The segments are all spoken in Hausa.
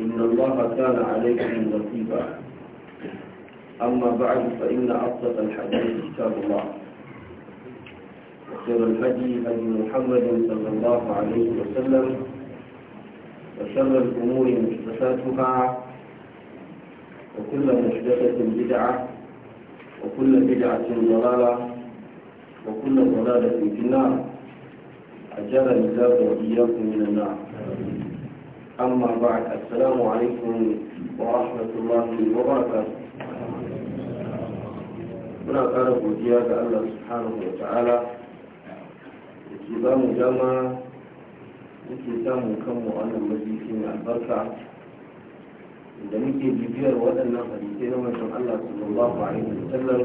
إن الله كان عليكم رقيبا أما بعد فإن أصدق الحديث كتاب الله وخير الهدي هدي محمد صلى الله عليه وسلم وشر الأمور محدثاتها وكل محدثة بدعة وكل بدعة ضلالة وكل ضلالة في النار أجرني الله وإياكم من النار أما بعد السلام عليكم ورحمة الله وبركاته muna ƙara godiya ga Allah subhanahu wa ta'ala da ke ba mu dama muke samun kanmu wannan majalisi mai albarka da muke bibiyar waɗannan hadisai na manzon Allah sallallahu alaihi wa sallam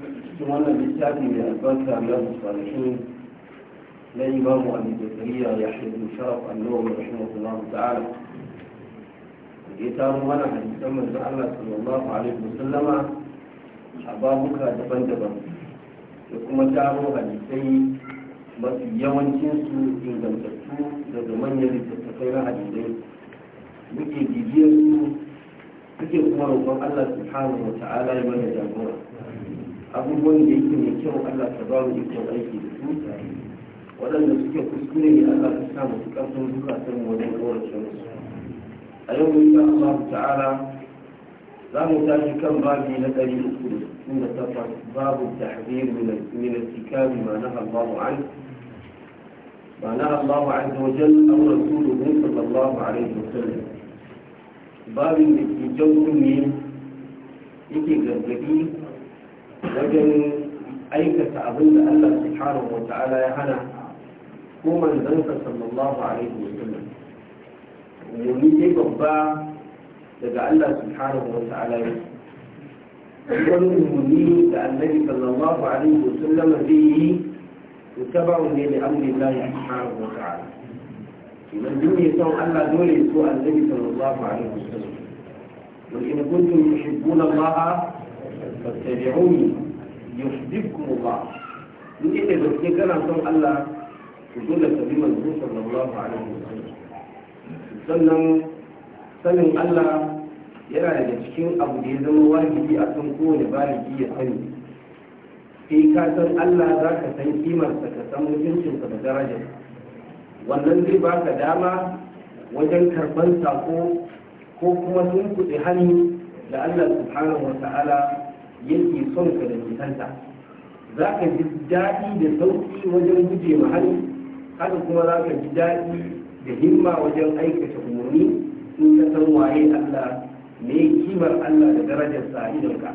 cikin wannan littafi mai albarka na musalihin لا إمام أبي زكريا يحيى بن شرف النووي رحمه الله تعالى يتام وانا حديثا من الله صلى الله عليه وسلم أبابك دبن دبن يقوم تارو حديثي mafi yawancinsu ingantattu daga manyan littattafai na hadisai muke bibiyar su muke kuma roƙon Allah subhanahu wa ta'ala ya mana jagora abubuwan da mai kyau Allah ta ba mu ikon aiki da waɗanda suke kuskure ne Allah ta sa mu ƙarfin zukatan wajen kaurace musu a yau insha Allah ta'ala za mu tashi kan babi na ɗari uku da tabbas babu tahzir min al-tikabi ma naha Allah an ma na Allah azza wa jalla aw rasuluhu sallallahu alaihi wa sallam babin da ke jawun ne yake gargadi wajen aikata abin da Allah subhanahu wa ta'ala ya hana ko manzansa sallallahu alaihi wa sallam umarni ne babba daga Allah subhanahu wa ta'ala ya wani umarni da annabi sallallahu alaihi wa sallam zai yi mutaba'un ne da amri Allah subhanahu wa ta'ala idan duk ne son Allah dole so annabi sallallahu alaihi wa sallam wa in kuntum tuhibbuna Allah fattabi'uni yuhibbukum Allah in da gaske kana son Allah to dole ka bi manzo sallallahu alaihi wasallam sannan sanin Allah yana daga cikin abu da ya zama wajibi a kan kowane baligi ya sani sai ka san Allah za ka san kimarsa ka san mutuncinsa da darajar wannan zai baka dama wajen karban sako ko kuma sun kuɗi hannu da Allah subhanahu wa ta'ala yake son ka da nisanta za ka ji daɗi da sauƙi wajen guje ma hannu haka kuma za ka ji daɗi da himma wajen aikata umarni in ka san waye Allah me kimar Allah da darajar sa idonka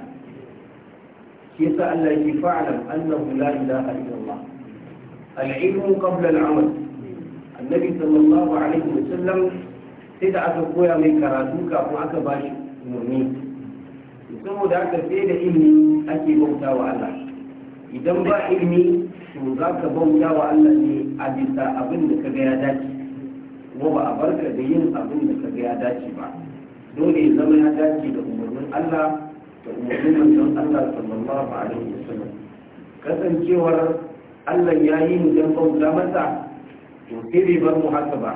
shi yasa Allah yake fa'alam annahu la ilaha illallah al-ilmu qabla al-amal annabi sallallahu alaihi wasallam sai da aka koya mai karatu kafin aka ba shi umarni saboda haka sai da ilimi ake bauta wa Allah idan ba ilimi to za ka bauta wa Allah ne a bisa abin da ka ga ya dace ko ba a barka da yin abin da ka ga ya dace ba dole ya zama ya dace da umarnin Allah da umarnin manzon Allah sallallahu alaihi wasallam kasancewar Allah ya yi mu dan bauta masa to sai bai bar mu haka ba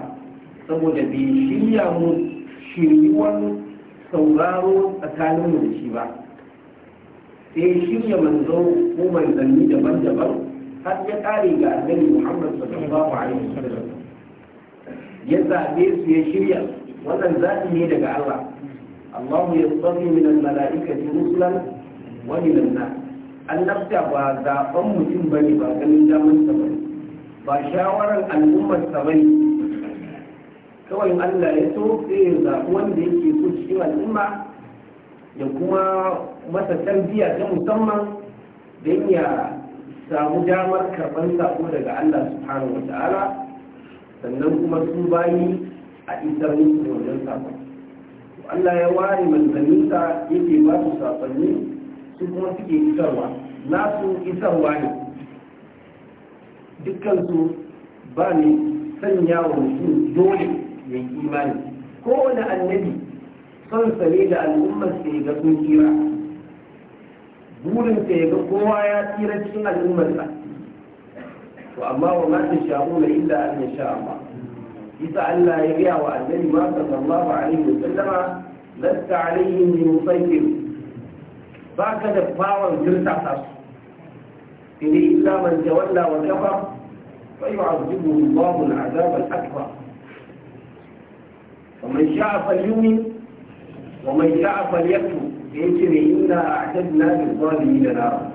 saboda bai shirya mu shiryuwar sauraro mu da shi ba sai shirya manzo ko manzanni daban-daban har ya kare ga annabi Muhammad sallallahu alaihi wasallam ya zabe su ya shirya wannan zaɓi ne daga Allah Allah ya tsafi min al-mala'ikati rusulan wa min an-nas annabta ba zaben mutum bane ba ganin daman sa bane ba shawaran al'ummar sa bane kawai Allah ya so sai ya zaɓi wanda yake so cikin al'umma da kuma masa tarbiyya ta musamman don ya samu damar karɓar sako daga Allah subhanahu wa ta'ala sannan kuma su bayi a isar musu wajen sakon Allah ya ware manzanninsa yake ba su sakonni su kuma suke isarwa nasu isarwa ne dukkansu ba ne sanya wa mutum dole ya yi imani kowane annabi son sane da al'ummar sai ga sun kira burin ka yaga kowa ya tsira cikin al'ummar sa to amma wa ma ta sha'u la illa an yasha Allah isa Allah ya gaya wa annabi ma sallallahu alaihi wa sallama lasta alaihim bi musaytir baka da fawon girta ta su sai illa man tawalla wa kafa fa yu'azibuhu Allah al'azab al-akbar ومن شاء فليؤمن ومن شاء فليكفر da ya ce inda a tattuna da zuwa da nawa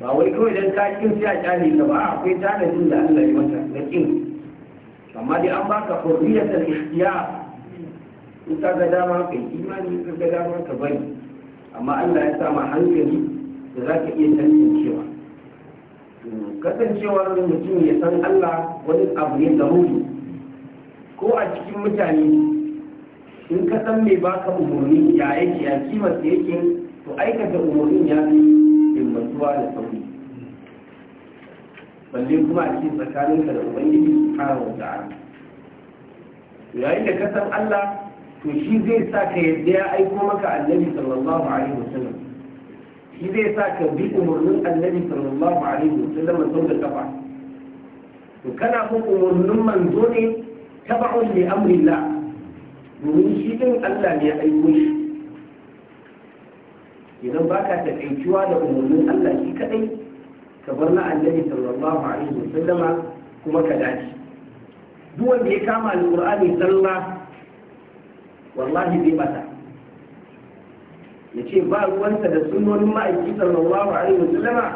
ba wai kawai don ka kin sai a kyale ka ba akwai tanadin da Allah ya mata na kin amma dai an baka ta ikhtiyar in ka ga dama ka yi imani in ka dama ka bari amma Allah ya sa ma hankali da za ka iya Kasancewa kasancewar mutum ya san Allah wani abu ne da ko a cikin mutane in ka san me baka umarni ya yake ya kimar da yake to aikata umarni ya fi himmatuwa da sauri balle kuma a cikin ka da ubangiji subhanahu wa ta'ala yayin da ka san Allah to shi zai sa ka yadda ya aiko maka annabi sallallahu alaihi wasallam shi zai sa ka bi umarnin annabi sallallahu alaihi wasallam sau da kafa to kana bin umarnin manzo ne taba'un li amrillah domin shi din Allah ne ya aiko shi idan ba ka taƙaituwa da umarnin Allah shi kaɗai ka bar na annabi sallallahu alaihi wa sallama kuma ka dace duk wanda ya kama alƙur'ani sallah wallahi zai bata ya ce ba ruwansa da sunnonin ma'aiki sallallahu alaihi wa sallama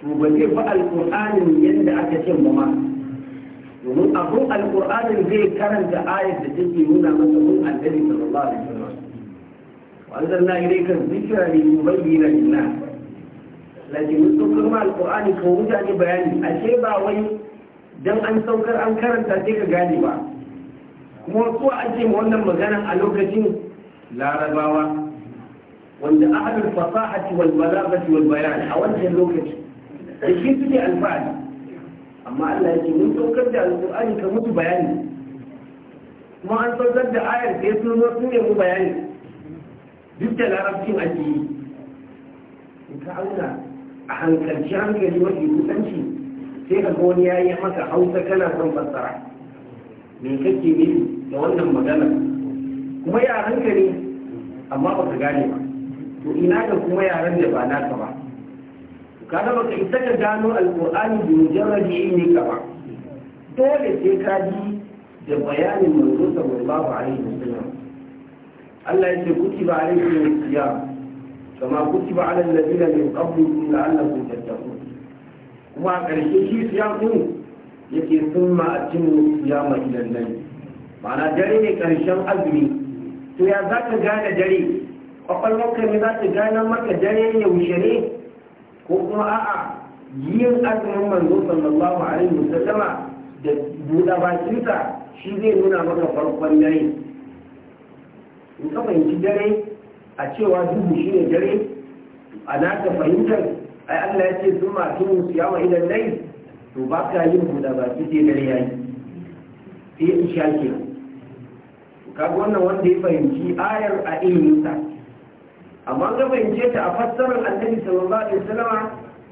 to ba zai ba alƙur'anin yadda aka ce ba ma domin abun alƙur'anin zai karanta ayar da take nuna masa mun annabi sallallahu alaihi wasallam yi anzalna ilayka dhikra litubayyana lin-nas lakin mun saukar ma alƙur'ani ko ne bayani ashe ba wai dan an saukar an karanta sai ka gane ba kuma ko ake wannan magana a lokacin larabawa wanda ahlul fasahati wal balaghati wal bayan a wannan lokaci da shi suke alfahari amma Allah yake mun saukar da alƙur'ani ka mutu bayani kuma an saukar da ayar da ya sun zo ne mu bayani duk da larabcin ake yi in ka auna a hankalci hankali mafi kusanci sai ka ga wani ya yi maka hausa kana son fassara me kake ne da wannan magana kuma yaran ka ne amma ba ka gane ba to ina ka kuma yaran da ba naka ba kaga baka isa ka gano alqur'ani bi mujarradi ilmi ka ba dole sai ka ji da bayanin manzo sallallahu alaihi wasallam Allah yake kutiba alaikum siyam kama kutiba ala alladhina min qablikum la'allakum tattaqun kuma a ƙarshe shi siyam din yake summa atimmu siyama ila al-layl ma'ana dare ne ƙarshen azumi to ya zaka gane dare kwakwalwarka ne za ta gane maka dare yaushe ne ko kuma a'a yin azumin manzo sallallahu alaihi wasallama da buɗa bakinsa shi zai nuna maka farkon dare in ka fahimci dare a cewa duhu shi ne dare a na ta fahimtar ai Allah ya ce sun masu musu siyawa idan dai to ba ka yin buɗa baki sai dare ya yi sai in sha ke kaga wannan wanda ya fahimci ayar a sa amma ga fahimce ta a fassarar annabi sallallahu alaihi wasallama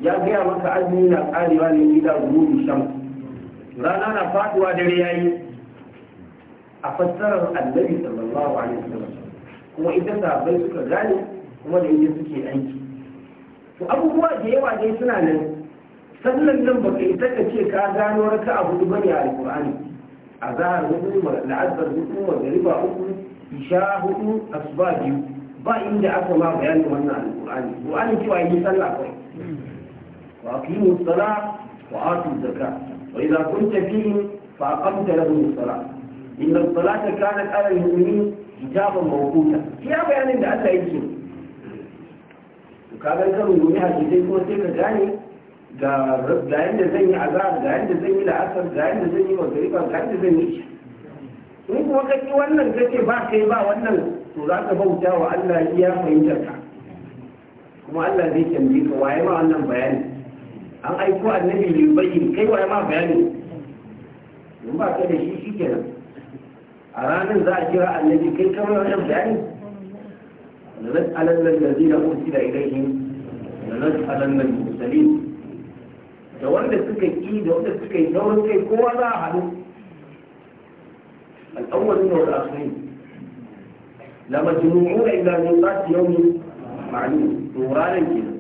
ya gaya maka azumi na karewa ne ila gudu sham rana na faduwa dare yayi a fassarar annabi sallallahu alaihi wasallam kuma ita bai suka gane kuma da yake suke aiki to abubuwa da yawa dai suna nan sannan nan baka ita ka ce ka gano raka abu da ne a alqur'ani a zahar wa la'azar hudu riba uku isha hudu asuba biyu ba inda aka ma bayanin wannan alƙur'ani alƙur'ani cewa yi sallah kawai wa aqimu sala wa atu zaka wa idza kunta fihi fa aqamta lahum sala inna salata kanat ala al-mu'minin kitaban mawquta ya bayanin da Allah yake to ga kan gobe hadisi kuma sai ka gane ga ga yanda zan yi azab ga yanda zan yi la'asar ga yanda zan yi magriba ga yanda zan yi in kuma ka ki wannan kace ba kai ba wannan to za ka bauta wa Allah iya fahimta ka kuma Allah zai tambaye ka waye ma wannan bayani an aiko annabi ne bayyin kai waye ma bayani in ba ka da shi shikenan a ranar za a kira annabi kai kamar wannan bayani لنسألن الذين أرسل إليهم لنسألن المرسلين da wanda suka yi da wanda suka yi saurin kai kowa za a haɗu الأولين والآخرين لما تنوعون إلى ميقات يوم معلوم نورانا كده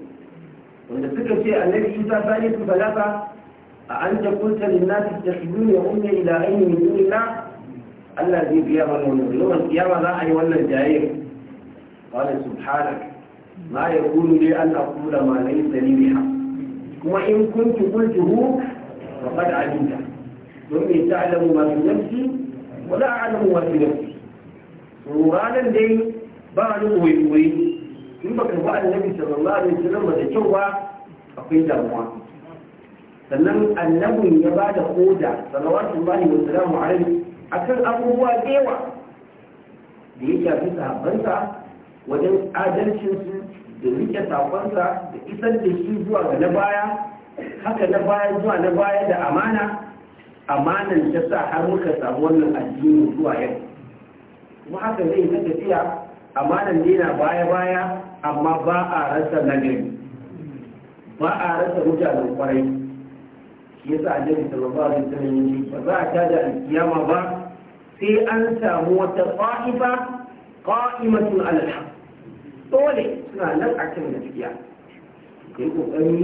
وإن الفكرة شيء الذي إذا فالي فلابا أنت قلت للناس اتخذوني أمي إلى أين من دون الله الذي قياما ونور يوم القيامة لا أي ولا الجائر قال سبحانك ما يقول لي أن أقول ما ليس لي بها وإن كنت قلته فقد علمت ثم تعلم ما في نفسي Wani a'lamu wa fi nafsi ranan dai ba ni koyi koyi in baka ba annabi sallallahu alaihi wasallam da kyau ba akwai damuwa sannan Annabi ya ba da koda salawatu bani wa salamu alaihi akan abubuwa da yawa da ya shafi sahabbansa wajen adalcinsu da rike sakonsa da isar da shi zuwa ga na baya haka na baya zuwa na baya da amana amanan ta sa har muka samu wannan addini zuwa yau kuma haka zai ta tafiya amanan ne na baya-baya amma ba a rasa nagari ba a rasa mutanen kwarai shi yasa annabi sallallahu alaihi wasallam ba za a tada alkiyama ba sai an samu wata qa'ifa qa'imatun al dole suna nan a akan gaskiya kai ƙoƙari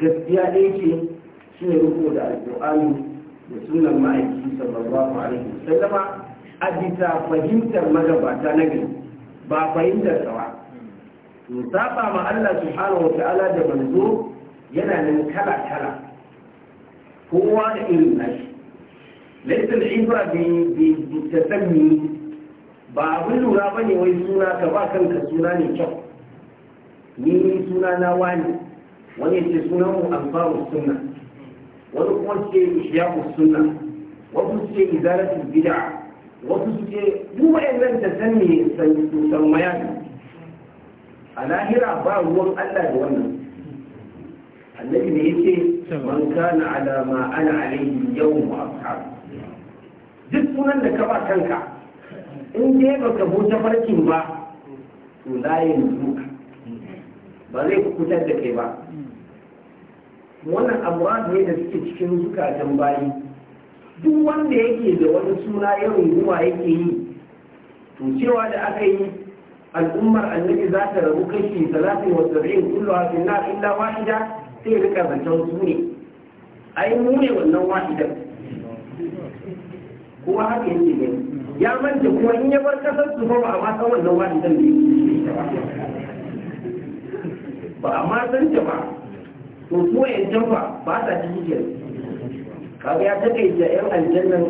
gaskiya ɗaya ce shi ne rufo da alƙur'ani da sunan ma'aiki sallallahu alaihi wasallama a bisa fahimtar magabata na gari ba fahimtar sawa to saba ma Allah subhanahu wata'ala da manzo yana nan kala kala kowa da irin nashi laysa al-ibra bi bi tasammi ba abin lura bane wai suna ka ba kanka suna ne kyau ni suna na wani wani ce sunan mu ansaru sunna wani kuma suke ce ishiyaku sunna wasu suke ce izaratul bid'a wasu su ce duk wa'annan da san me san san mayani a lahira ba ruwan Allah da wannan annabi ne yace man kana ala ma ana alayhi yawm ashab duk sunan da ka ba kanka in dai ka huta farkin ba to layin zuka ba zai kutar da kai ba wannan amurad ne da suke cikin zukatan bayi duk wanda yake da wani suna ya runguma yake yi to cewa da aka yi al'ummar annabi za ta rabu kashi talatin wa saba'in kullu ha finna illa wahida sai rika zancen su ne ai mu ne wannan wahidan kuma haka yake ne ya manta kuma in ya bar kasar su ba a ma san wannan wahidan da yake ba a ma san ta ba to kuma yancan ba ba sa cikin kenan kaga ya takaita yan aljannan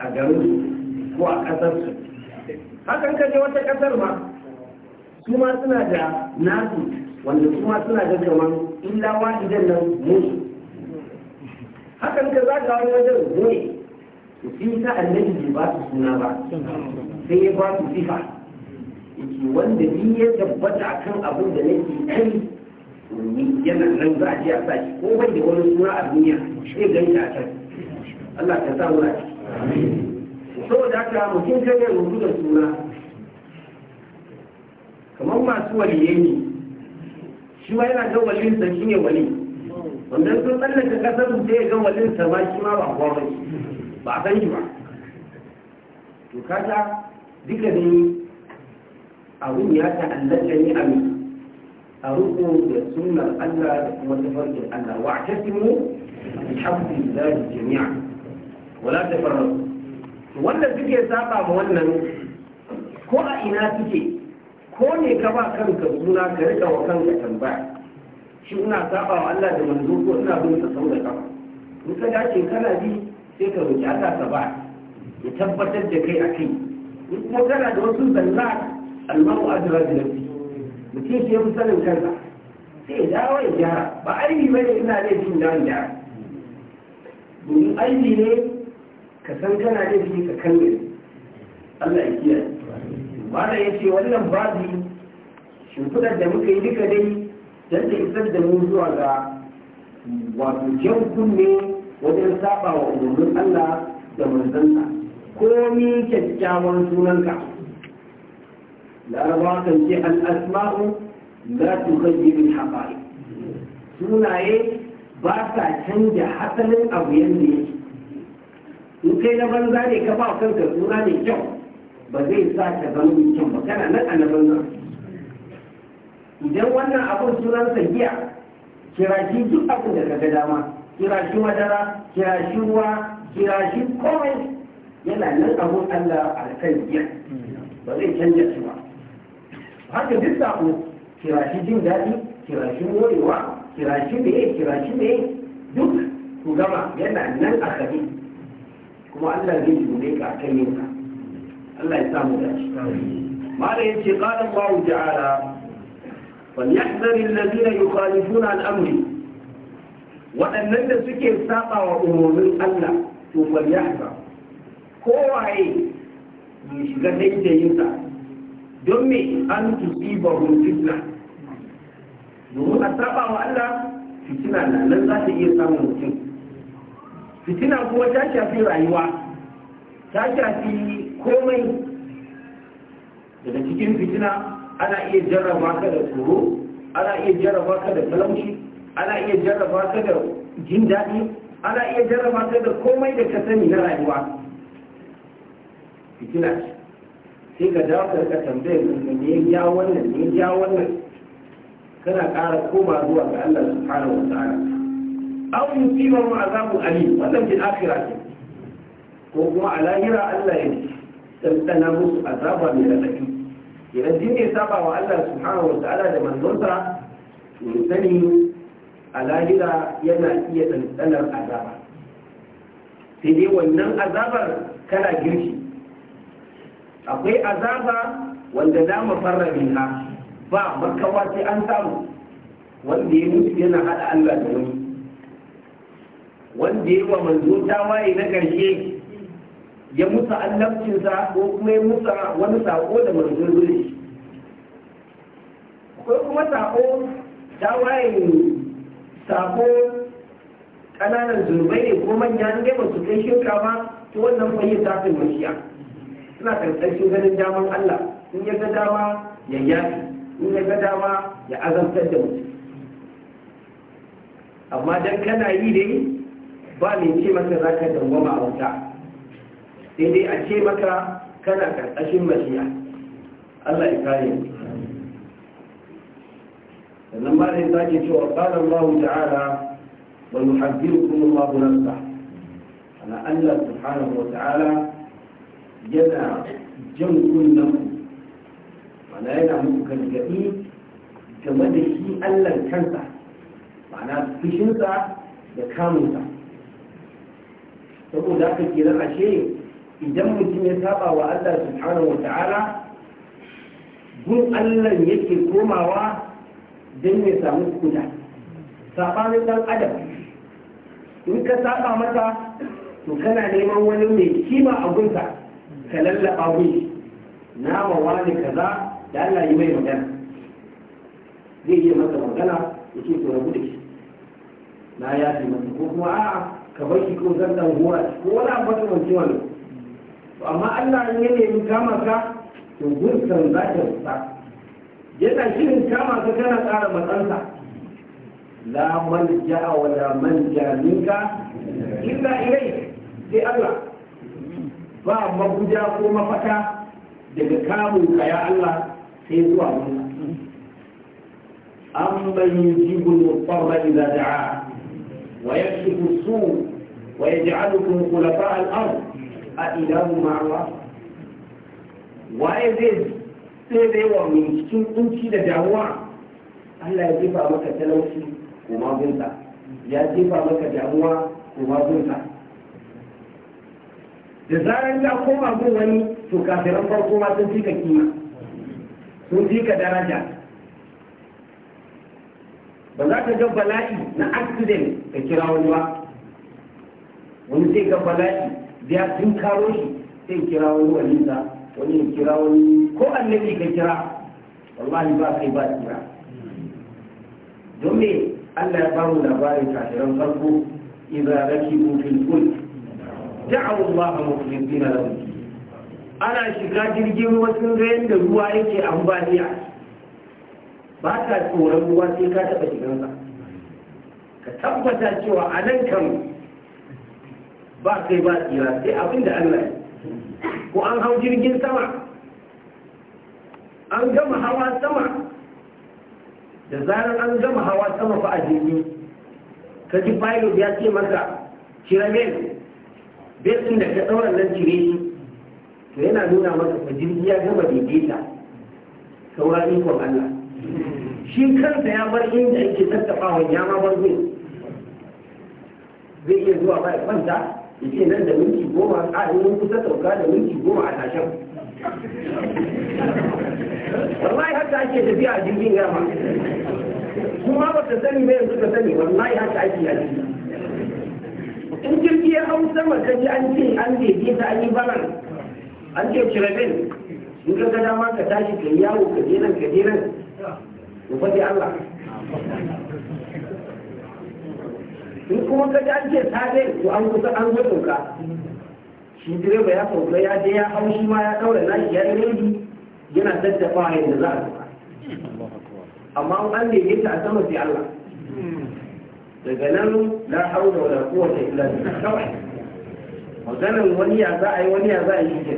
a garin ko a kasar su hakan ka je wata kasar ma su ma suna da nasu wanda su ma suna da kaman illa idan nan musu hakan ka za ka wani wajen goye sun ta annabi bai ba su suna ba sai ya ba su sifa yake wanda ni ya tabbata akan abin da nake kai domin yana nan za a je a sa shi ko bai da wani suna a duniya sai gan shi a can Allah ta sa wura ciki saboda haka mutum kan yi rubutu da suna kamar masu waliye ne shi ma yana ga sa shi ne wali wannan sun tsallaka kasar sai ya ga walinsa ma shi ma ba kuwa ba a san shi ba to kaga duka ne abun ya ta'allaka ni a mai a ruku da sunan Allah da kuma tafarkin Allah wa mu bi hablillahi jami'a wala ta tafarraqu wanda suke saba ma wannan ko a ina suke ko ne ka ba kanka suna ka rika wa kanka tambaya shi ina saba wa Allah da manzo ko ina bin ka sau da kafa in ka dace kana bi sai ka roki Allah ka ba ya tabbatar da kai a kai in kuma kana da wasu zalla almaru ajra bi nafsi mutum shi ya sanin kansa sai ya dawo ya gyara ba aibi bane ina laifin da gyara domin aibi ne ka san kana da shi ka kalle Allah ya kiyaye wanda ya ce wannan babi shimfidar da muka yi duka dai don ta isar da mu zuwa ga wato jan kunne wajen saba wa umarnin Allah da ko komi kyakkyawan sunanka laraba kan ce al'asma'u za su gaji min haɓari sunaye ba sa canja hasalin abu yadda yake in kai na banza ne ka ba kanka suna mai kyau ba zai sa ta zama mai kyau ba kana nan a na banza idan wannan abun sunansa giya kira shi duk abin da ka ga dama kira shi madara kira shi ruwa kira shi komai yana nan abun allah a kan giya ba zai canja shi ba haka duk sako kirashi jin daɗi kirashin morewa kirashi meye kirashi meye duk ku gama yana nan a kaɗe kuma allah zai jure ka kan yin ka allah ya samu dace mala yace qala allah ta'ala falyahdhar alladhina yukhalifuna an amri waɗannan da suke saba wa umarnin allah to falyahdhar kowaye mai shiga daidayinsa don me an tusibahum fitna domin a saba wa Allah fitina na nan za ta iya samun mutum fitina kuma ta shafi rayuwa ta shafi komai daga cikin fitina ana iya jarraba ka da tsoro ana iya jarraba ka da talauci ana iya jarraba ka da jin daɗi ana iya jarraba ka da komai da ka sani na rayuwa fitina ce sai ka dawo ka rika tambayar ne ya ja wannan ne ya ja wannan kana ƙara koma zuwa ga Allah subhanahu wa ta'ala aw yusiba mu azabu alim wannan bil akhirah ce ko kuma a lahira Allah ya tantana musu azaba mai radadi idan din ne saba wa Allah subhanahu wa ta'ala da manzonsa to sani a lahira yana iya tantanar azaba sai dai wannan azabar kana girki akwai azaba wanda za mu fara minha ba makawa sai an samu wanda ya mutu yana hada Allah da wani wanda ya wa manzo waye na ƙarshe ya musa annabcinsa ko kuma ya musa wani sako da manzo zuri akwai kuma sako waye sako ƙananan zurbai ne ko manyan gaba su kai shirka ba to wannan fayyar ta mashiya suna karkashin ganin daman Allah in ya ga dama ya yafi in ya ga dama ya azabtar da mutum amma dan kana yi dai ba mai ce maka za ka dangwama a wuta sai dai a ce maka kana karkashin mashiya Allah ya kare mu sannan ba zai sake cewa qala Allah ta'ala wa yuhaddirukum Allah nafsa na Allah subhanahu wa ta'ala yana jan kunnan ku mana yana muku gargaɗi game da shi allan kansa mana fushinsa da kamunsa saboda aka nan ashe idan mutum ya saba wa allah subhanahu wa ta'ala gun allan yake komawa don ya samu kuda saɓanin ɗan adam in ka saba mata to kana neman wani mai kima a gunsa ka lallaba wuri na wa wani kaza da Allah yi mai magana zai iya masa magana ya ce to rabu da shi na ya ce masa ko kuma a, ka bar shi ko zan dan huwa ko wani abu da wani wani to amma Allah in ya nemi kama ka to gursan za ka rusa yana shirin kama ka kana tsara matsansa la man ja'a wa la man ja'a minka illa ilayhi mabuja ko mafaka daga kamun ka ya Allah sai zuwa nuna amman yujibu al-mutarra idza da'a wa ya as-su' wa yaj'alukum khulafa'a ba al'am a ilahu ma'a Wa waye zai sai da mai cikin kunci da damuwa Allah ya jefa maka talauci ko magunta ya jefa maka damuwa ko magunta da zaran ka koma gun wani to kafiran farko ma sun fi ka kima sun fi ka daraja ba za ka ga bala'i na accident ka kira wani ba wani sai ga bala'i da sun karo shi sai kira wani za wani ya kira wani ko annabi ka kira wallahi ba kai ba kira don me Allah ya bamu labarin kafiran farko idza rakibu fil fulk da'awu Allah mukhlisina lahu ana shiga jirgin ruwa sun ga yadda ruwa yake ambaliya ba ta tsoron ruwa sai ka taɓa shigansa ka tabbata cewa a nan kan ba kai ba tsira sai abin da Allah ko an hau jirgin sama an gama hawa sama da zarar an gama hawa sama fa a jirgin ka ji pilot ya ce maka kiramen bai ɗin da ka ɗaura nan cire shi to yana nuna maka fa jirgi ya gama daidaita saura ikon Allah shi kansa ya bar inda yake tattafawa ya ma bar zai zai iya zuwa bai kwanta ya ce nan da minti goma a yi kusa sauka da minti goma a tashen wallahi haka ake tafiya a jirgin gama kuma ba ta sani ba yanzu ka sani wallahi haka ake a in jirgi ya hau sama ta ji an ce an daidai ta an yi balan an ce kirabin in ka ga dama ka tashi ka yawo ka je nan ka je nan ku faɗi Allah in kuma ka ji an ce sare ku an kusa an zo ka shi direba ya sauka ya je ya hau shi ma ya ɗaura nashi ya yi redi yana daddafa yadda za a amma an ta a sama sai Allah daga nan la haula da quwwata ila da kawai maganin wani ya za a yi wani ya za a yi shi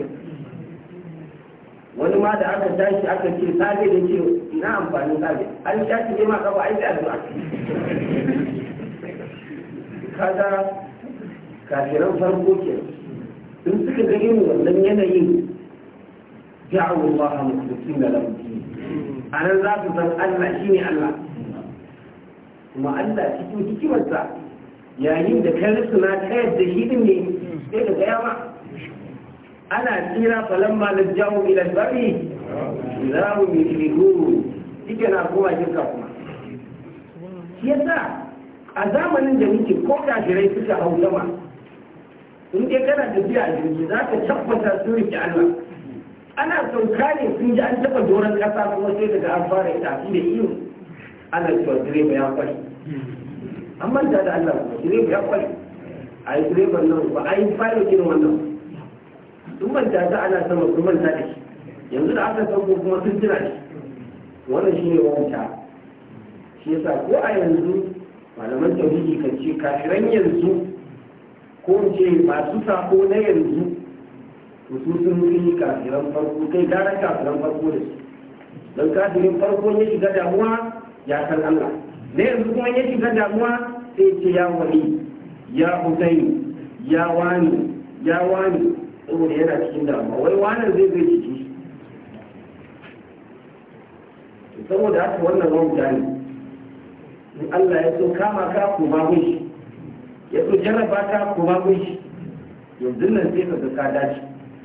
wani ma da aka tashi aka ce sabe da ce ina amfani sabe an tashi ne ma kafa aiki addu'a kaga kafiran farko ke in suka ga irin wannan yanayin a Allah muslimin lahu a nan za su san Allah shine Allah kuma Allah cikin hikimarsa yayin da ka na ta da shi ne sai da gaya ma ana tsira falamma na jawo ila bari za mu yi shigo cikin na kuma jinka kuma shi yasa a zamanin da muke ko kafirai suka hau sama in dai kana tafiya a jirgi za ka tabbata sun rike Allah ana sauka ne sun ji an taɓa doron ƙasa kuma sai daga an fara ita da iyo ana cewa direba ya kwashe an manta da Allah direba ya kwari a yi direban nan ba a yi fara gina wannan sun manta da ana sama sun manta da shi yanzu da aka sauko kuma sun tuna shi wannan shi ne wauta shi yasa ko a yanzu malaman tauhidi kan ce kafiran yanzu ko ce masu sako na yanzu to su sun yi kafiran farko kai gara kafiran farko da su don kafirin farko ya shiga damuwa ya san Allah da yanzu kuma ya shiga damuwa sai ce ya wani ya husaini ya wani ya wani saboda yana cikin damuwa wai wani zai zai ciki saboda haka wannan wauta ne in Allah ya so kama ka kuma shi ya so jarraba ka kuma shi yanzu nan sai ka ka dace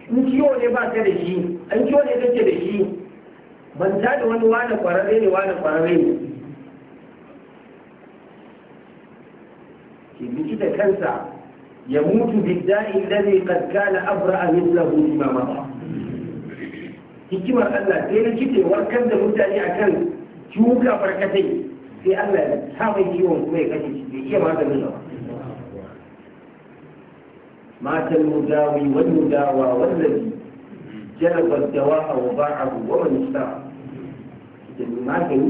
in ciwo ne ba ka da shi an ciwo ne kake da shi ban da wani wani kwararre ne wani kwararre ne da kansa ya mutu bidda'i alladhi qad kana abra'a mithlahu lima mada hikimar Allah sai na kike warkar da mutane akan cuka barkatai sai Allah ya sa mai ciwon kuma ya kashe shi bai iya maganin ba matan مات المداوي والمداوى والذي جلب الدواء وباعه ومن اشترى da magani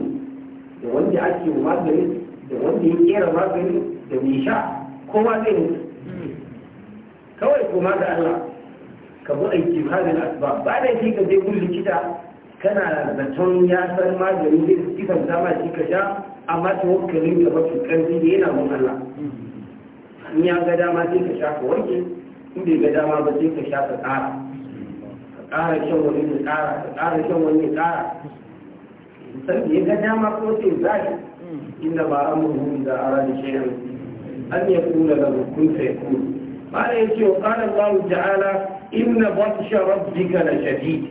da wanda ake magani da wanda ya kera magani da mai sha kowa zai mutu kawai koma ga Allah ka bu aiki hadin asba ba da shi ka je gun likita kana zaton ya san magani zai kisan dama shi ka sha amma tawakkalin da mafi karfi da yana mun Allah in ya ga dama sai ka sha ka wanke in bai ga dama ba sai ka sha ka tsara ka tsara shan wani ya tsara ka tsara shan wani ya tsara sai ya ga dama ko sai zai inda ba amuhu da arabi da shay'an an ya kula da kun sai kun ma'ana ya ce wa ƙanar Allah ta'ala inna batsha rabbika la shadid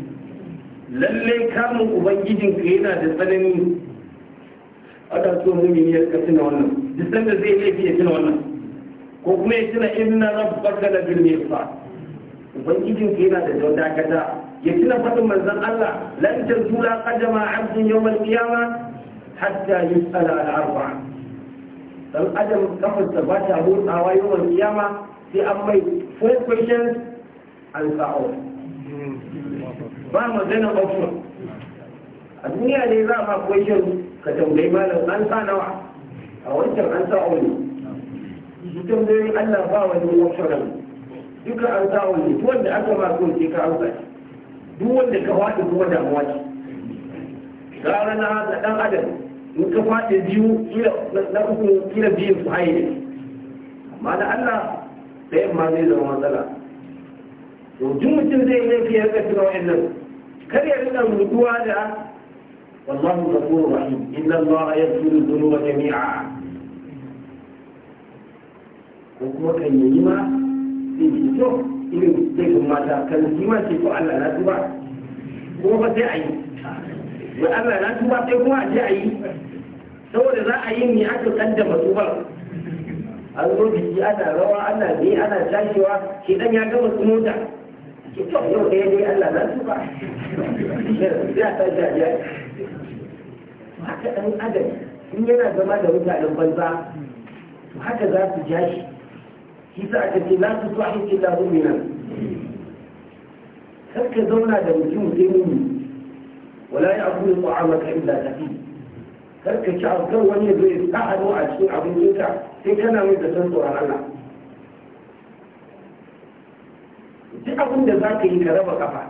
lalle kamun ubangijinka yana da tsanani aka so mumini ya tuna wannan duk zai laifi ya tuna wannan ko kuma ya tuna inna rabbaka la bil mirsad ubangijinka yana da dakata ya tuna fadin manzon Allah lan tazula qadama 'abdin yawm al-qiyamah hatta yus'ala al-arba'a dan adam kafarsa ba ta hutsawa yawan kiyama sai an mai four questions an sa'o ba magana option a duniya ne za a ma question ka tambayi malam an sa nawa a wancan an sa'o ne su tambayoyi allah ba wani option duka an sa'o ne wanda aka ba ko sai ka amsa duk wanda ka wada kuma damuwa ce gara na ɗan adam in ka faɗi biyu na uku kila biyu su haye amma da Allah ɗayan ma zai zama matsala to duk mutum zai laifi ya rika tuna nan kar ya rika rubuwa da wallahu ghafurur rahim inna allaha yaghfiru dhunuba jami'a ko kuma kan yi ma sai ki to irin laifin mata kan yi ma ce ko Allah na tuba ko ba sai a yi wai Allah na tuba sai kuma a je a yi saboda za a yi ne aka da tsohon an zo biki ana rawa ana ne ana tashiwa shi dan ya gama su mota ki to yau da yayi Allah na tuba ya ta ja ja haka dan adam in yana zama da mutanen banza to haka za su ja shi shi sa aka ce la tu sahib illa mu'minan kar ka zauna da mutum sai mumini wala ya'kulu ta'amaka illa tafi karka ci abu kan wani zai ta hannu a cikin abincinka sai kana mai da san tsoron Allah duk abin da za ka yi ka raba kafa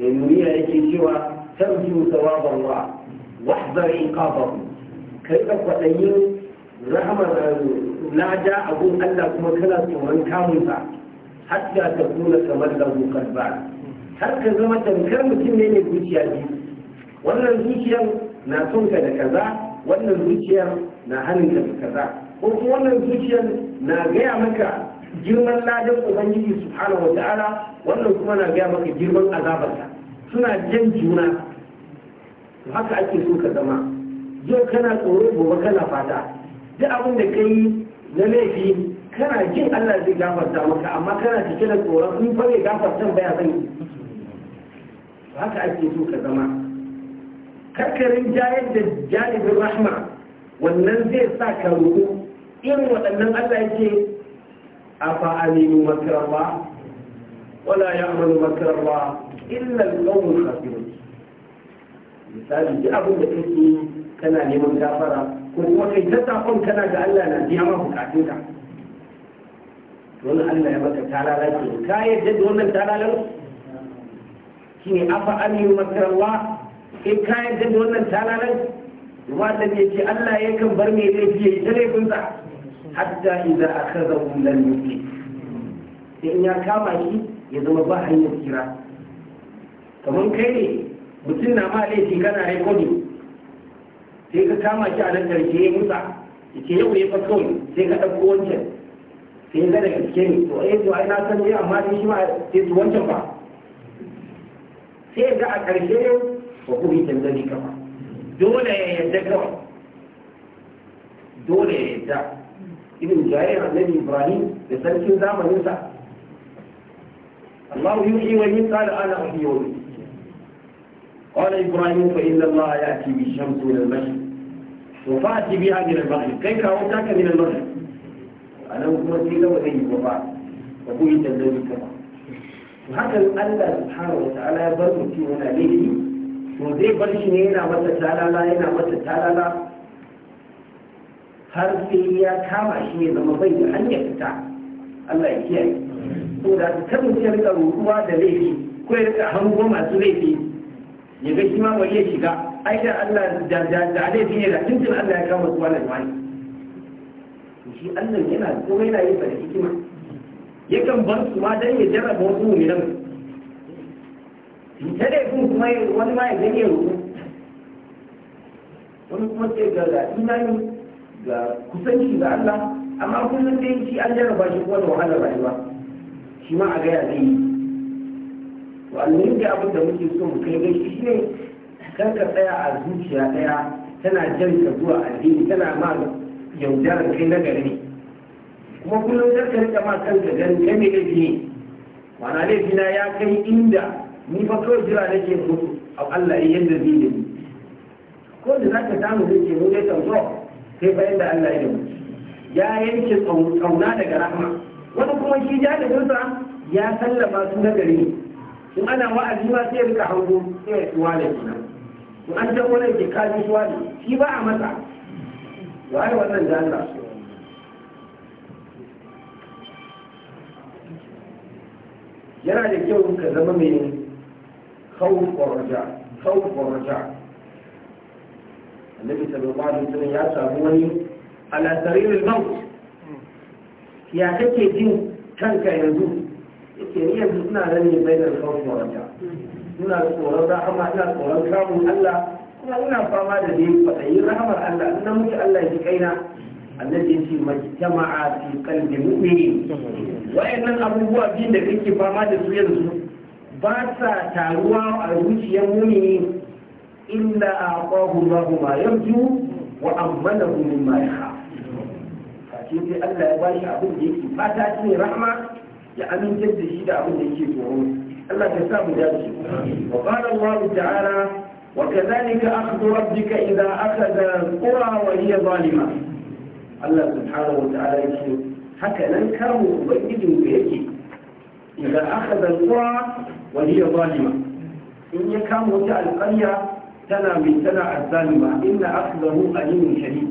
mai nuniya yake cewa tarjiyu sawaban wa wahzar iqabahu kai ka kwadayin rahamar lada abun Allah kuma kana tsoron kamunsa hatta ta kuna kamar da ba. har ka zama tamkar mutum ne mai zuciya biyu wannan zuciyar na son ka da kaza wannan zuciyar na hannun da kaza ko kuma wannan zuciyar na gaya maka girman ladan ubangiji subhanahu wa ta'ala wannan kuma na gaya maka girman azabarsa suna jan juna haka ake so ka zama yau kana tsoro gobe kana fata duk abin da ka yi na laifi kana jin Allah zai gafarta maka amma kana cike da tsoron in fa gafarta baya zan yi haka ake so ka zama karkarin jayar da janibin rahma wannan zai sa ka ruku irin waɗannan Allah yake a fa'aminu makararwa wala ya amalu makararwa illa launin kafirun misali ji abin da kake kana neman gafara ko kuma kai ta sakon kana ga Allah na biya ma bukatunka wani Allah ya maka talala ke ka yadda da wannan talalar shi ne afa aminu makararwa in ka yarda da wannan talalan wanda ke ce Allah kan bar mai laifi ya yi ta laifinsa hatta idan aka zaun lan yuki sai in ya kama shi ya zama ba hanyar tsira kamar kai ne mutum na ma laifi kana ne sai ka kama shi a nan karshe ya musa ya ce yau ya fasko sai ka ɗauko wancan sai ya gada gaske ne to ai eh, to ai na san ne amma sai shi ma sai eh, su wancan ba sai ga a ƙarshe وبهت الذي كفر دون يدكر دون يدع ابن جائر النبي إبراهيم لسلك دام ينسى الله يحيي ويميت قال أنا أحيي ويميت قال إبراهيم فإن الله يأتي بالشمس من المشرق وفأتي بها من المغرب كيف أوتاك من المغرب أنا أمتي لو أي وفاة وبهت الذي كفر وهكذا الله سبحانه وتعالى برد في هنا ليه to zai bar shi ne yana mata talala yana mata talala har sai ya kama shi ya zama bai da hanyar fita Allah ya kiyaye to da ta mutum ya rika ruwa da laifi ko ya rika hango masu laifi ya ga shi ma bari ya shiga ai da Allah da da da laifi ne da tuntun Allah ya kama su wannan wani shi Allah yana ko yana yin da hikima yakan bar su ma dan ya jarraba wasu mu'minan ta laifin kuma wani ma ya gani ya roƙo wani kuma sai ga ga imani ga kusanci ga Allah amma kullum dai shi an jarraba shi kuma da wahalar rayuwa shi ma a gaya zai yi to almin da abin da muke so mu kai gaishe shi ne kan ka tsaya a zuciya ɗaya tana jan ka zuwa addini tana ma yaudarar kai na gari ne kuma kullum kar ka rika ma kanka gani kai mai laifi ne ma'ana na ya kai inda ni fa kawai jira nake ko a Allah yi yadda zai ni. ko da zaka samu zai ke mu da tsoro sai bayan da Allah ya yi ya yanke tsauna daga rahma wani kuma shi ja da dinsa ya sallama su na gari in ana wa'azi ma sai rika hango sai ya tuwa da kina to an ta wani ke kaji su ne shi ba a masa to wannan da Allah yana da kyau ka zama mai khawf wa raja khawf wa raja annabi sallallahu alaihi wasallam ya samu wani ala sarir al-maut ya kake jin kanka yanzu yake ni yanzu ina rani bainar khawf wa raja tsoron rahama ina tsoron kamun Allah kuma ina fama da dai kwaɗayin rahamar Allah ina muke Allah ya ji kaina annabi ya ce majtama'a fi qalbi mu'min wayannan abubuwa biyu da kake fama da su yanzu ba sa taruwa a zuciyar mumini illa a ƙwahu lahu ma yanzu wa ammalahu mimma yakha kace sai Allah ya bashi abin da yake fata shine rahma ya amince da shi da abin da yake tsoro Allah ya sa mu dace wa qala Allah ta'ala wa kadhalika akhdhu rabbika idha akhadha al-qura wa hiya zalima Allah subhanahu wa ta'ala yake haka nan karmu ubangijin ku yake idan aka zarkuwa wani ya zalima in ya kama wata alƙarya tana mai tana azzalima inna akhdahu alimun shari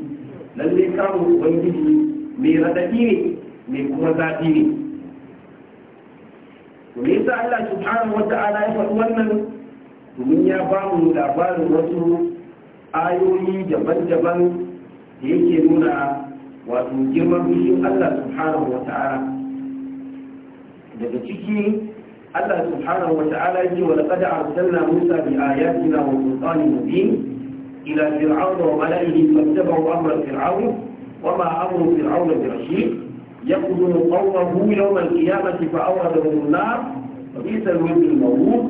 lallai kama ubangiji mai raɗaɗi ne mai kuma zafi ne to me yasa Allah subhanahu wata'ala ya faɗi wannan domin ya ba mu labarin wasu ayoyi daban-daban da yake nuna wato girman bishin Allah subhanahu wata'ala daga ciki الله سبحانه وتعالى يجي ولقد أرسلنا موسى بآياتنا وسلطان مبين إلى فرعون وملئه فاتبعوا أمر فرعون وما أمر فرعون برشيد يقدم قومه يوم القيامة فأوردهم النار وبئس الورد المورود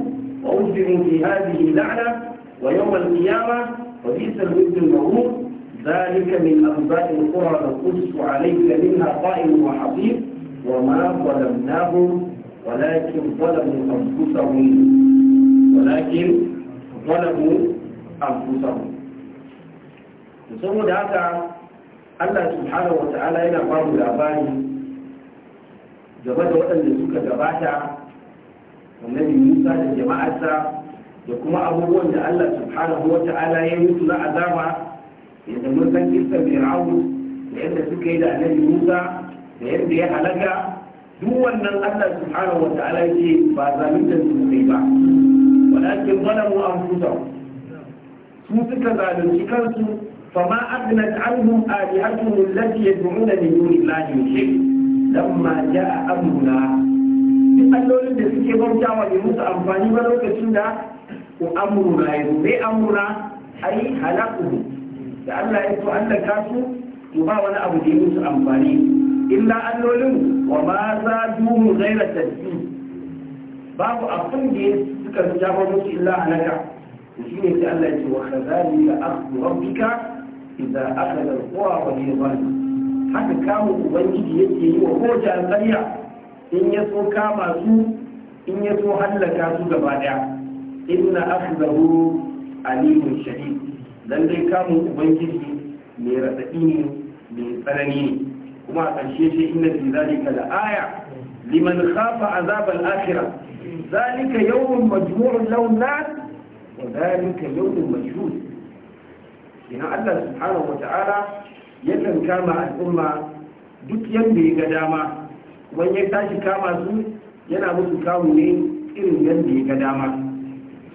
وأجزموا في هذه اللعنة ويوم القيامة وبئس الورد المورود ذلك من أنباء القرى نقص عليك منها قائم وحفيظ وما ظلمناهم ولكن ظلموا أنفسهم ولكن ظلموا أنفسهم saboda haka Allah subhanahu wata'ala yana bamu labari game da waɗanda suka gabata annabi Musa da jama'arsa da kuma abubuwan da Allah subhanahu wata'ala ya mutu na azaba yadda mun san kisan Fir'aun da yadda suka yi da annabi Musa da yadda ya halaka duk wannan Allah subhanahu wa ta'ala ce ba zalunta su kai ba walakin zalamu anfusahum su suka zalunci kansu fama aghnat anhum alihatuhum allati yad'una min dunillahi min shay lamma jaa amruna duk allolin da suke bautawa bai musu amfani ba lokacin da ku amruna ya zo dai amruna ai halaku da Allah ya so Allah ka su ba wani abu da ya musu amfani illa allolin wa ma za duhu zaira tasbi babu abin da ya suka jawo musu illa halaka shi ne sai Allah ya ce wa khazali la akhdhu rabbika idza akhadha al-qura wa hiya zalim haka kamo ubangiji yake yi wa koja ƙarya in ya so kama su in ya so hallaka su gaba daya inna akhdahu alimun shadid dan dai kamo ubangiji mai radadi ne mai tsanani ne kuma a ƙarshe shi inna fi zalika la aya liman khafa azab al akhirah zalika yawmun majmu'un lahu nas wa zalika yawmun majhul ina Allah subhanahu wa ta'ala yakan kama al'umma duk yadda ya ga dama wani ya tashi kama su yana musu kawo ne irin yadda ya ga dama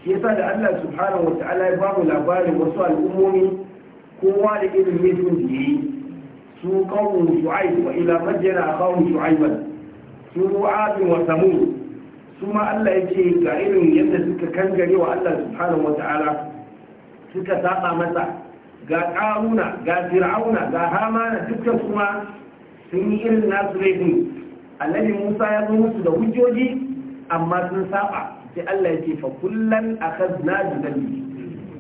shi yasa da Allah subhanahu wa ta'ala ya bamu labarin wasu al'ummomi kowa da irin laifin da yayi su qawmu shu'aib wa ila madyana aqawmu shu'aiban su ru'ad wa samud su ma Allah yake ga irin yadda suka kangare wa Allah subhanahu wata'ala suka saba masa ga karuna ga fir'auna ga hamana dukkan kuma sun yi irin nasu laifin annabi musa ya zo musu da hujjoji amma sun saba sai allah ya ce fa kullan akhadna bi dhanbi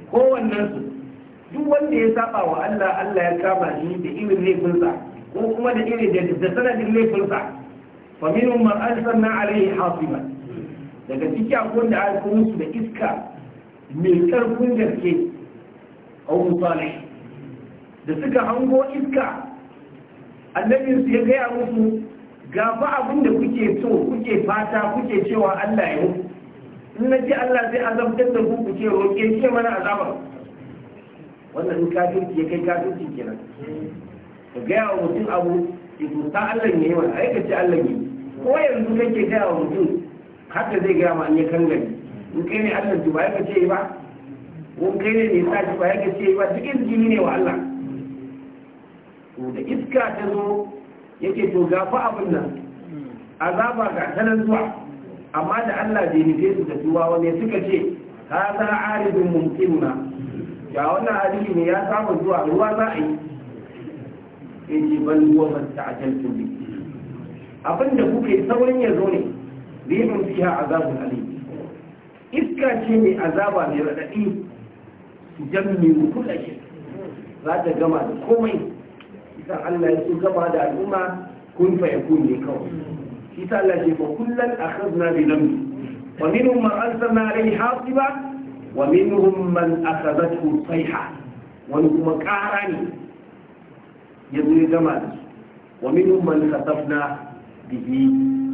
kowannen su duk wanda ya saba wa Allah Allah ya kama shi da irin laifinsa ko kuma da irin da sanadin laifinsa fa minhum man arsalna alaihi hasiba daga ciki akwai wanda aka musu da iska mai karfin gaske au musalih da suka hango iska annabin su ya gaya musu ga ba abin da kuke so kuke fata kuke cewa Allah ya yi. in na ce Allah zai azabtar da ku kuke ce roƙe ke mana azabar wannan in kafirci ya kai kafirci kenan ka gaya wa mutum abu ikuta Allah ya yi wani aikace Allah ya ko yanzu kake gaya wa mutum haka zai gaya ma an ya kangare in kai ne Allah ba ya kace ba ko kai ne ne sa ba ya kace ba duk izini ne wa Allah to da iska ta zo yake to gafa abin nan azaba ga tanan zuwa amma da Allah bai nufe su da tuwa wani suka ce hada aridun mumkinuna ga wannan hadisi ne ya samu zuwa ruwa za a yi yace bal huwa masta'jaltu bi abinda kuke saurin ya zo ne rihun fiha azabun alim iska ce mai azaba mai radadi jammi kulla shi za ta gama da komai Isa Allah ya so gama da al'umma kun fa yakun ne kawai shi ta Allah ce fa kullan akhadna bi dhanbi wa minhum man arsalna alayhi hasiba wa minhum man akhadathu sayha wani kuma ƙara ne ya zo ya gama da su wa minhum man khatafna bihi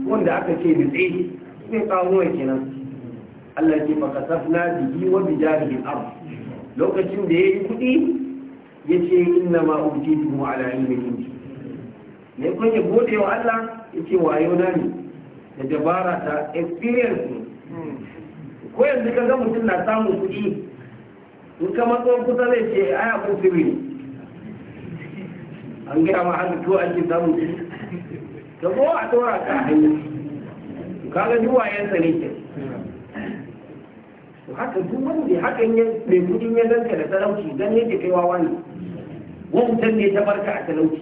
wanda aka ce ni tsaye sai kawo kenan Allah ce fa khatafna bihi wa bi jarihi al lokacin da yayi kuɗi yace inna ma ubtitu ala ilmin indi ne kun yi godewa wa Allah yace wayo na ne da dabara ta experience ko yanzu kaga mutum na samun kuɗi in ka matso kusa zai ce ai ku sirri an gaya ma haka to ake samun kuɗi ka ko a tsora ka hanya ka ga duwa 'yan ne ke to haka duk wanda hakan ne, mai kuɗin ne, ganka da talauci dan yake kaiwa wani wautar ne ta barka a talauci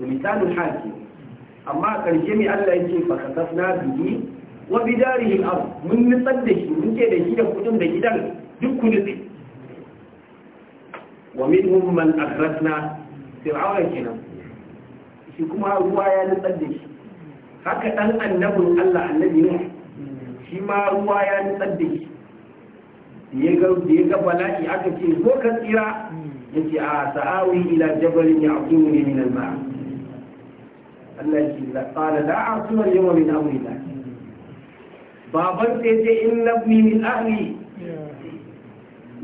misalin haƙi amma a ƙarshe ne Allah yake fakasafna bihi wa bidarihi al mun nutsar da shi mun ce da shi da kudin da gidan duk ku nutsi wa minhum man aghrasna fir'auna kenan shi kuma ruwa ya nutsar da shi haka dan annabin Allah annabi ne shi ma ruwa ya nutsar da shi ya ga bala'i aka ce zo ka tsira ya ce a sa'awi ila jabalin ya min al-ma'a Allah ya ce la qala la asuma al-yawma min amrillah baban sai ce in na min ahli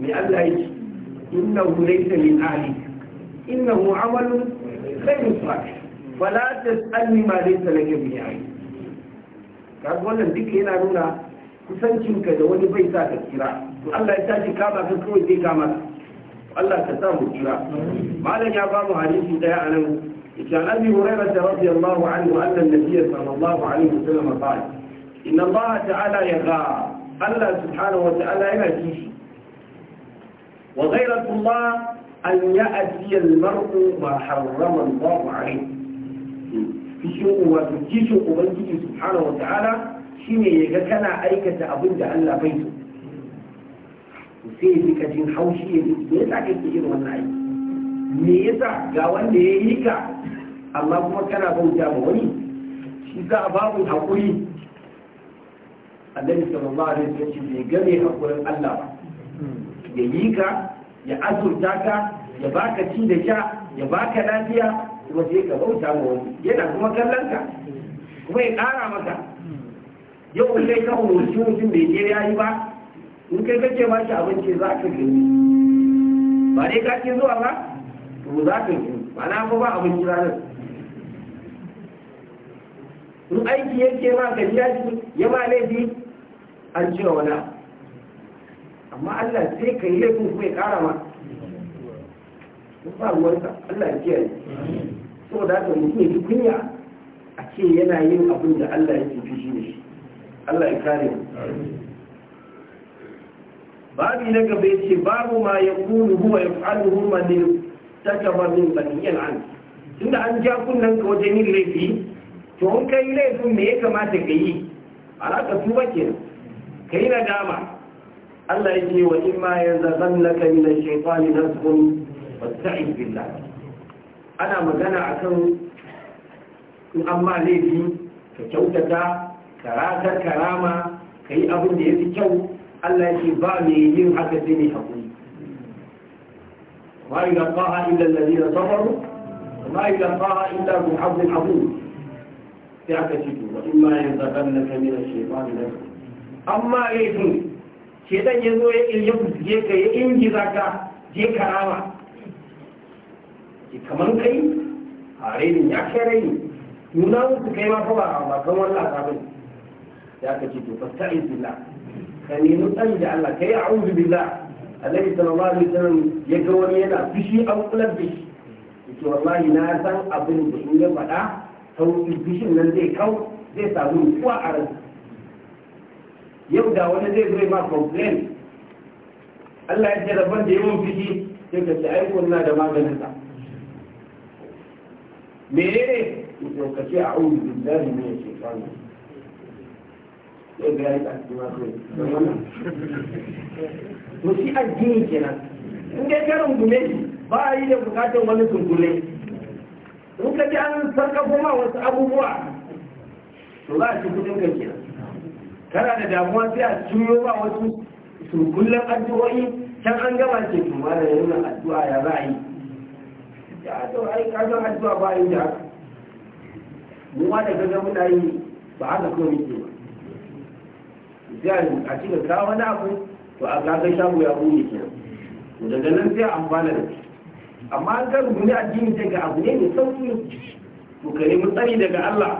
mai Allah yake inna hu laysa min ahli inna hu amalun ghayru salih fala tas'alni ma laysa laka bihi ilm kaga wannan duk yana nuna kusancin ka da wani bai sa ka kira to Allah ya tashi kama ka kawai zai kama ka Allah ka sa mu kira malam ya ba mu hadisi daya anan كان ابي هريره رضي الله عنه ان النبي صلى الله عليه وسلم قال inna ba ta'ala ya ga Allah subhanahu wa ta'ala yana kishi wa ghayratullah an ya'ti al-mar'u ma harrama Allah alayhi kishin uwa kishin ubangiji subhanahu wa ta'ala shine yaga kana aikata abin da Allah bai so sai ni ka jin haushi ya ji me yasa kake yin wannan aiki me yasa ga wanda ya yi ka amma kuma kana bauta ma wani shi za a babu hakuri annabi sallallahu alaihi wasallam ce bai gane hakurin Allah ba ya yi ka ya azurta ka ya baka ci da sha ya baka lafiya kuma sai ka bauta ma wani yana kuma kallon ka kuma ya kara maka yau kai ka umarci mutum bai je ya yi ba in kai kake ba shi abinci za ka gani ba dai ka ke zuwa ba to za ka gani ba na ba abinci ranar in aiki yake ma gajiya ya ba laifi an cewa wani amma Allah sai ka yi laifin kuma ya kara ma ba ruwansa Allah ya kiyaye da haka mutum ya ji kunya a ce yana yin abin da Allah ya fi shi ne Allah ya kare mu babu na gaba ya ce babu ma ya kunu huwa ya fa'alu huma ne ta gaba min baniyan an tunda an ja kunnen ka wajen yin laifi to in kai laifin me ya kamata ka yi a raka tuba kenan ka yi nadama Allah ya ce wa in ma ya zagan laka min na shaytani nasbun wasta'id billah ana magana a akan in amma laifi ka kyautata karatar karama ka yi abin da ya fi kyau Allah ya ce ba mai yin haka sai ne hakuri ma yi gafaha illa lalina safaru ma yi gafaha illa bin abin abu sai aka ce to wa in ma ya zagan laka min ash na nasbun amma laifin dan ya zo ya ilya fuske ka ya za ka je karama ki kamar kai a rainin ya kai raini nuna musu kai ma ba a bakan wannan sabon ya ka ce to fasta'in izina. ka nemi tsari da Allah ka kai a'udhu billah A sallallahu alaihi wasallam ya ga wani yana fushi an kular da shi yace wallahi na san abin da in ya faɗa sauki fushin nan zai kau zai samu kuwa a rasu yau da wani zai zai ma complain Allah ya ce rabban da yawan fiki sai ka ce aiko na da maganin sa menene to ka ce da ne min ce shaytan sai ga ya ta kuma to wannan to shi addini kenan in dai karin gume shi ba a yi da bukatar wani tunkule in ka ji an sarka ma wasu abubuwa to za a ci kudin kan kenan kana da damuwa sai a juyo ba wasu su kullum addu'o'i can an gama ce to da yana addu'a ya za a yi ya to ai kaga addu'a ba yin da mu ma da gaza muna yi ba haka ko muke ba sai a cika kawo wani abu to a kaga shago ya buɗe kenan daga nan sai amfana da shi amma an kan gune addini daga abu ne mai sauki to ka nemi tsari daga Allah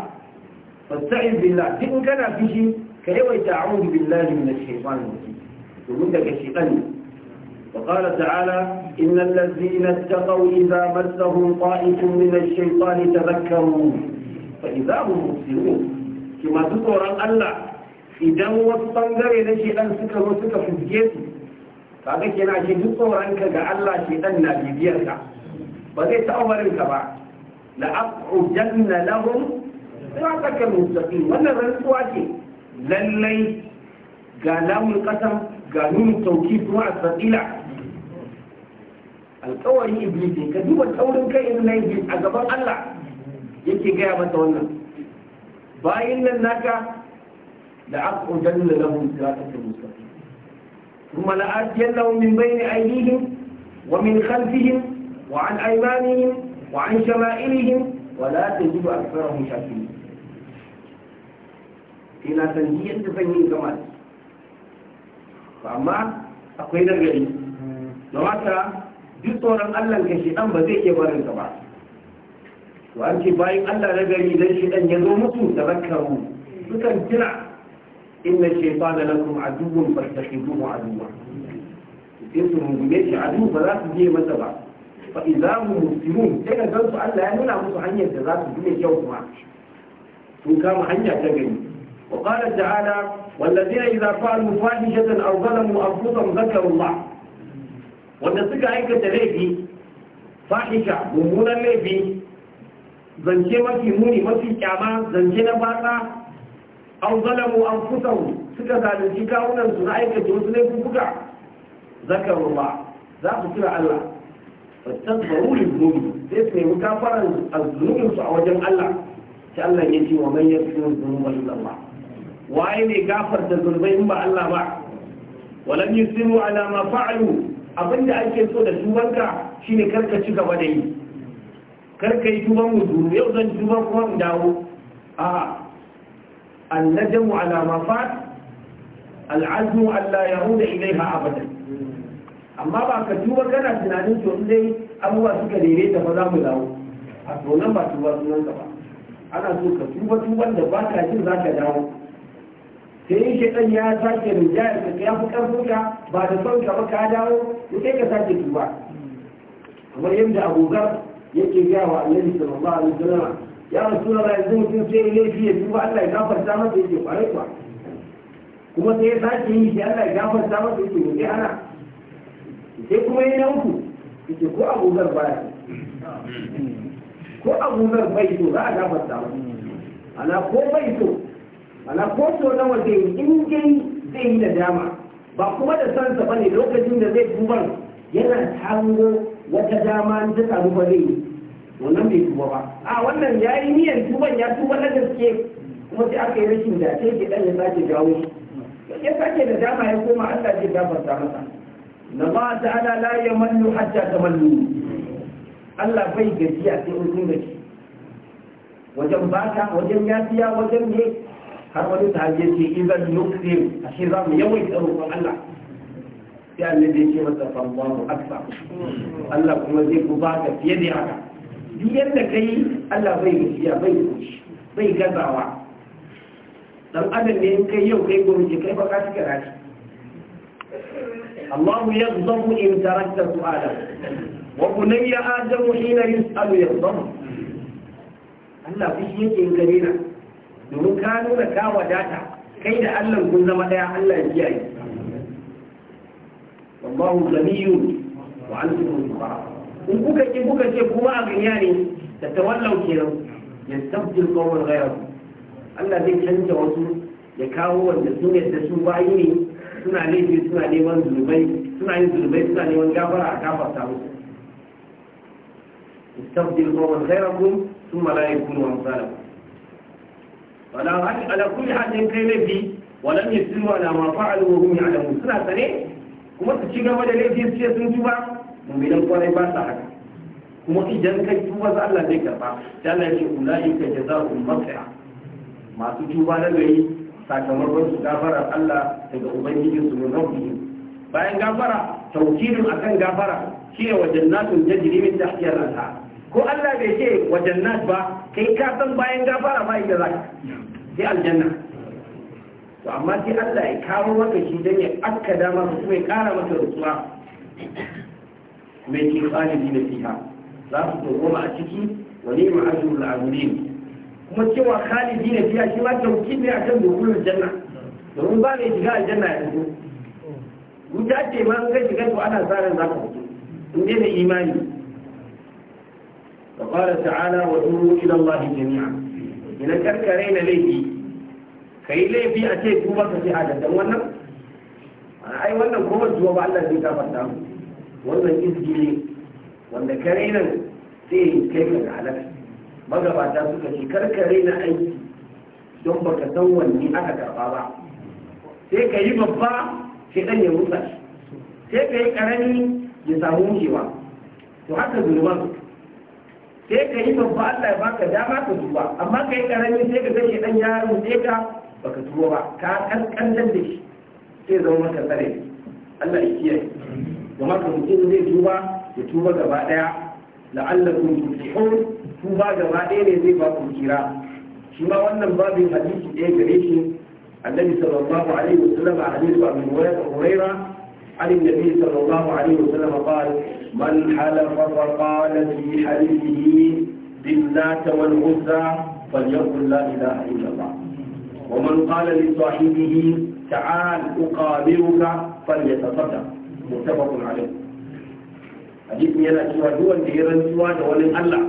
fasta'in billah duk kana fishi ka yawaita a'udhu billahi na shaitanir rajim domin daga shaitan وقال تعالى إن الذين اتقوا إذا مسهم طائف من الشيطان تذكروا فإذا هم مبصرون كما تقول الله إذا هو الصندر إذا شيئا سكر وسكر في الجيس kaga kenan shi duk tsoronka ga Allah shi dan na bibiyarka ba zai ta umarinka ba la aqudanna lahum siratal wannan rantsuwa ce lallai ga lamun kasan, ga nunu tauki kuma a tsakila alkawarin iblis ka duba taurin kai irin na iblis a gaban allah yake gaya mata wannan bayan nan naka da da aqudan lahum siratal mustaqim thumma la'atiyannahum min bayni aydihim wa min khalfihim wa an aymanihim wa an shama'ilihim wa la tajidu aktharahum shakirin sai na san yadda zan yi gama ba amma akwai nagari da haka duk tsoron allah ka shi ba zai iya barin ka ba to an ce bayan allah nagari dan shi dan ya zo mutu da zakaru sukan jira inna shaytana lakum aduwwun fastakhiduhu aduwwa sai su rungume shi adu ba za su je masa ba fa idza hum muslimun sai ka gansu Allah ya nuna musu hanyar da za su bi kyau kuma sun kama hanya ta gani وقال تعالى والذين إذا فعلوا فاحشة أو ظلموا أنفسهم ذكروا الله wanda suka aikata laifi fahisha mummunan laifi zance mafi muni mafi kyama zance na fata an zalamu an suka zalunci kawunansu na aikata wasu laifuka zakaru za su kira Allah fattan zaruri zunubi sai su nemi kafaran zunubinsu a wajen Allah ta Allah ya ce wa zunubar waye ne gafarta zunubai in ba Allah ba walam yusiru ala ma fa'alu abinda ake so da tubanka shine karka ci gaba da yi karka yi tuban duru yau zan tuba kuma mu dawo a annajamu ala ma fa'al al'azmu alla yahuda ilaiha abadan amma ba ka tuba kana tunanin to in dai abubuwa suka ta fa za mu dawo a to nan ba tuba sunan ka ba ana so ka tuba tuban da ba ka jin za ka dawo sai shi dan ya sake ya ka ya fi karfin ka ba da son ka ba ka dawo sai ka sake tuba kamar yadda abokan yake gaya wa annabi sallallahu alaihi wasallam ya rasulullah yanzu mutum sai ya laifi ya tuba Allah ya gafarta masa yake kwarai kuwa kuma sai ya sake yi sai Allah ya gafarta masa yake gobe ana sai kuma ya nauku yake ko abokan baya ko abokan bai so za a gafarta masa ana ko bai so ana ko so nawa zai yi in dai zai yi nadama ba kuma da sa bane lokacin da zai duban yana tango wata dama in ta samu ba zai wannan bai duba ba a wannan ya yi niyan tuban ya tuba na gaske kuma sai aka yi rashin da sai ke dan ya sake jawo shi ya sake da dama ya koma Allah zai gafarta masa na ba ta ala la yamallu hatta tamallu Allah bai gajiya sai in kun wajen baka wajen yafiya wajen ne حرمت تهجيتي إذا نكثر حرام يوم يسألوك الله يا الذي جمدت الله أكثر الله كما ذيك باك في يدك بيدك أي الله بيك يا بيك بيك الدعوة لم أدن من كي يوم كي يقول لك كيف أكاسك الله يغضب إن تركت سؤالا وبني آدم حين يسأل يغضب الله في شيء كبيره domin ka nuna ka wadata kai da Allah kun zama daya Allah ya kiyaye wallahu ghaniyun wa antum fuqara in kuka ki kuka ce kuma a ganiya ne da tawallau kenan yastabdil qawl ghayr Allah zai canja wasu ya kawo wanda sun yadda su bayi ne suna laifi suna neman zulubai suna yin zulubai suna neman gafara a kafarta musu istabdil qawl ghayrakum thumma la yakunu amsalakum wala hadi ala kulli hadin kai laifi walam yasiru ala ma fa'alu wa hum ya'lamun suna sane kuma su ci gaba da laifi su ce sun tuba mu'minan kwarai ba sa haka kuma idan kai tuba za Allah zai karba sai Allah ya ce ulaika jazaa'un baqi'a masu tuba na gari sakamakon su gafara Allah daga ubangijin su ne bayan gafara tawkilin akan gafara shi ne wajen nasun tajiri min tahtiyar al ko Allah bai ce wa jannat ba kai ka san bayan gafara ma ita zaka sai aljanna to amma sai Allah ya kawo maka shi dan ya akkada maka kuma ya kara maka rutsuwa mai kifani khalidi da fiha za su dogoma a ciki wa ne ma'azurul azulin kuma cewa khalidi ne fiha shi ma tauki ne akan dukulul janna domin ba ne shiga aljanna ya fito wuta ce ma an kai shiga to ana sa ran za ka fito in dai da imani فقال تعالى وتوبوا إلى الله جميعا إذا كركرين ليه كي ليه في أشياء توبة في حاجة وانا أي وانا هو الجواب على الذي تفتح وانا إزجلي وانا كرينا sai kai ka halaka magabata suka ce karkare na aiki don baka san wanne aka karba ba sai ka yi babba sai dan ya rusa sai ka yi karami ya samu wucewa to haka zunuban sai ka yi babba Allah ya baka dama ka tuba amma ka yi karami sai ka gashi dan yaro sai ka baka tuba ba ka kankandan da shi sai zama maka tsare Allah ya kiyaye kuma ka mutum zai tuba ya tuba gaba daya kun tuflihun tuba gaba daya ne zai ba ku kira shi ma wannan babin hadisi ɗaya gare shi annabi sallallahu alaihi wasallam a hadisu abin hurairah عن النبي صلى الله عليه وسلم قال من حلف فقال في حلفه باللات والعزى فليقل لا اله الا الله ومن قال لصاحبه تعال اقابلك فليتصدق متفق عليه حديث yana cewa duk wanda ya rantsuwa da wani Allah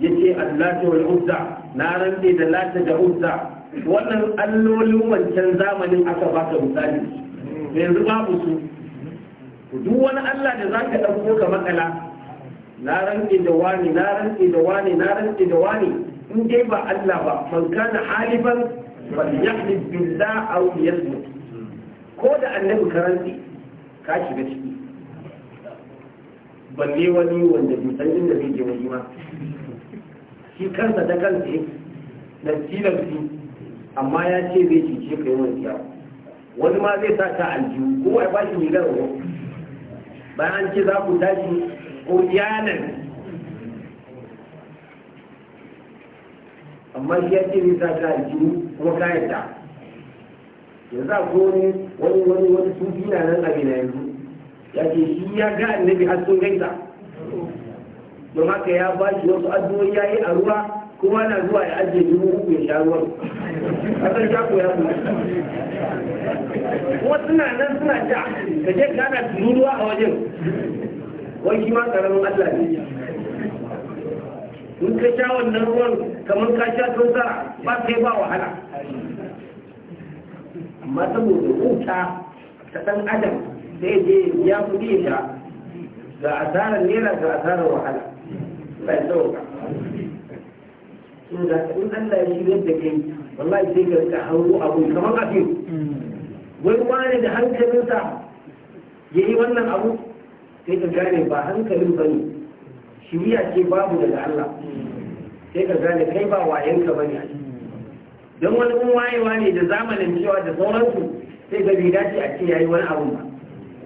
yace Allah ta wal Uzza na rantse da Lata da wannan allolin wancan zamanin aka ta misali yanzu babu su duk wani Allah da za ka ɗauko ka matsala na rantse da wani na rantse da wani na rantse da wani in dai ba Allah ba man kana halifan falyahlib billah aw yasmut ko da annabi ka rantse ka shiga ciki balle wani wanda bai san inda zai je wani ma shi kansa da kansa na tilasti amma ya ce zai cice kai wani ya wani ma zai sa ta aljihu ko ai ba shi milar wani bayan an ce za ku tashi ƙuriyanan amma shi ya ce nisa ta aljihu kuma kayan ta za ku wani wani wani wani sufi na nan abin na yanzu ya ce shi ya ga annabi har sun gaisa don haka ya ba shi wasu addu'o'i ya yi a ruwa kuma na zuwa ya ajiye dubu uku ya sha ruwan kasar ya kuma kuma suna nan suna ja ka je kana tururuwa a wajen wai shi ma karamin Allah ne in ka sha wannan ruwan kamar ka sha tausara ba sai ba wahala amma saboda huta ta ɗan adam sai je ya kuɗi ya ga asarar nera ga asarar wahala bai sauka in Allah ya shirya da kai wallahi sai ka rika hauro abu kamar afin wai wani da hankalinsa ya yi wannan abu sai ka gane ba hankalin ba ne shiriya ce babu daga Allah sai ka gane kai ba yanka ba ne don wani kun wayewa ne da zamanin cewa da sauransu sai ga rida dace a ce ya yi wani abu ba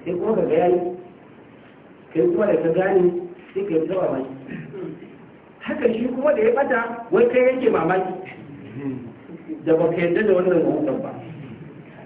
sai kuma ka ga yayi kai kuma da ka gane sai ka yi tsawa mai. haka shi kuma da ya bata wai kai yake mamaki da ba ka yarda da wannan rahoton ba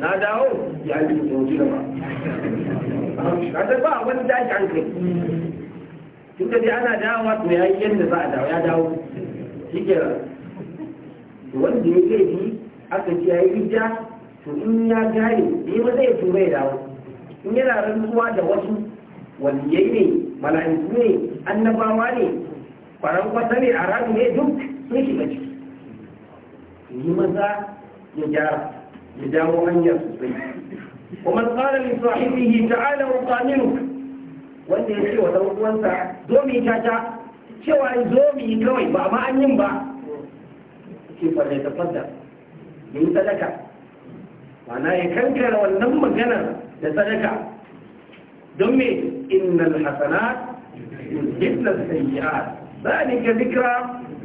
na dawo ya yi da soji da ba kasar ba wani tashi an kai tun da dai ana dawowa to ya yi yadda za a dawo ya dawo shi ke wanda ya laifi aka ce ya yi hijja to in ya gane yi ba zai tuba ya dawo in yana rantsuwa da wasu waliyai ne mala'iku ne annabawa ne kwaran kwata ne a rami ne duk sun shiga ciki yi maza ya gyara ya dawo hanyar sosai kuma tsarin lissahibihi ta'ala wa tsaminu wanda ya ce wa ɗan zo mu yi tata cewa zo mu yi kawai ba ma an yin ba ce farai da fadda, yin sadaka ma'ana ya kankara wannan maganar da sadaka don me innal hasanat yuzhibna sayyi'at zalika dhikra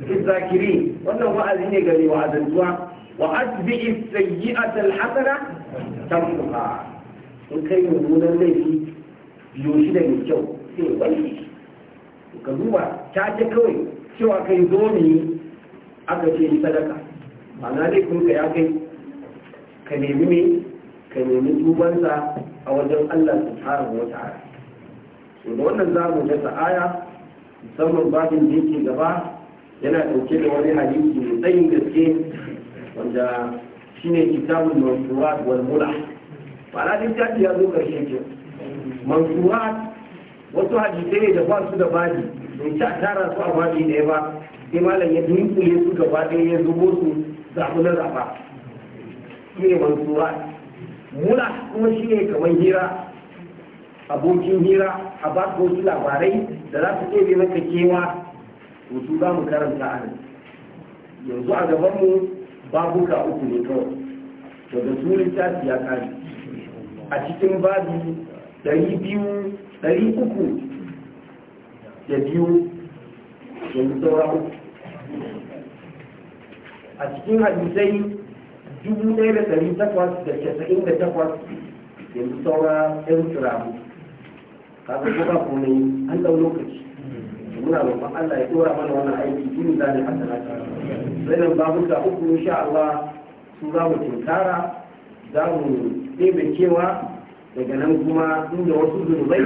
lizakirin wannan wa'azi ne gare wa'azantuwa wa asbi'i sayyi'ata al-hasana tamsuha in kai mummunan laifi biyo shi da mai kyau sai wani ka duba ta ce kawai cewa kai zo aka ce yi sadaka ma'ana laifin ka ya kai ka nemi me ka nemi tubansa a wajen Allah subhanahu wa ta'ala to da wannan zamu ta aya musamman babin da yake gaba yana dauke da wani hadisi mai tsayin gaske wanda shi ne kitabu mansurat wal mulah ma'ana ta ya zo karshe ke mansurat wasu hadisai ne da ba su da baji bai ta tara su a baji ɗaya ba sai malam ya dunkule su gaba ɗaya ya zubo su zaɓu na zaɓa shi ne mansurat mula kuma shi ne kamar hira abokin hira a ba su labarai da za su ɗebe maka kewa to su za mu karanta a nan yanzu a gabanmu ka uku ne kawai daga sunan tafi ya kari a cikin babi ɗari biyu ɗari uku da biyu da saura uku a cikin hadisai dubu ɗaya da ɗari takwas da casa'in da takwas da saura ɗan turamu kafin kuma kuma an ɗau lokaci muna roƙon Allah ya ɗora mana wannan aiki shi ne a sanata zanen babuka uku insha Allah su za mu tunkara za mu ɗebe cewa daga nan kuma inda wasu zunubai